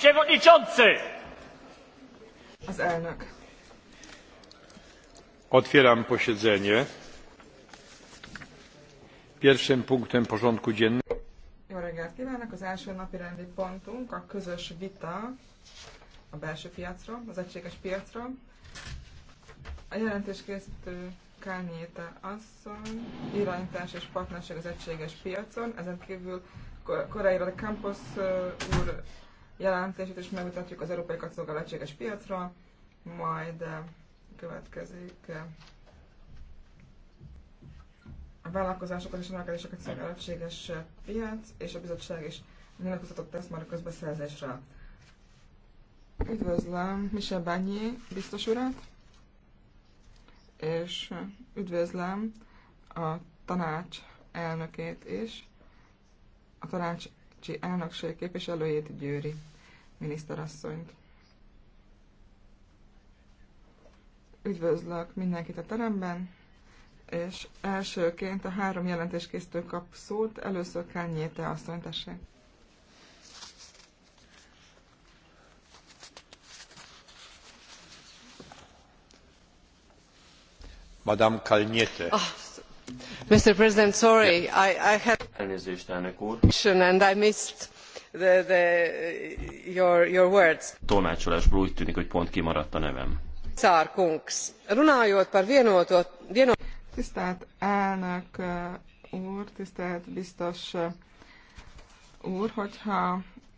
Przewodniczący! Az elnök. Otwieram posiedzenie. Pierwszym punktem porządku dziennego. Jó reggelt kívánok! Az első napi rendi pontunk a közös vita a belső piacról, az egységes piacról. A jelentéskészítő Kányéta asszony, irányítás és partnerség az egységes piacon, ezen kívül Koreira de Campos úr jelentését, és megmutatjuk az európai katszolgál egységes piacról, majd eh, következik eh, a vállalkozásokat és a növekedéseket szolgál egységes eh, piac, és a bizottság is nyilatkozatot tesz már a közbeszerzésre. Üdvözlöm Michel Bányi biztos urat, és üdvözlöm a tanács elnökét is, a tanács Tanácsi Elnökség képviselőjét, Győri miniszterasszonyt. Üdvözlök mindenkit a teremben, és elsőként a három jelentéskészítő kap szót, először Kányéte asszony, tessék. Madame Kalniete. Oh. Mr. President, sorry, I, had... a question And I missed your, words. Tolmácsolásból úgy tűnik, hogy pont kimaradt a nevem. Tisztelt elnök uh, úr, tisztelt biztos uh, úr, hogyha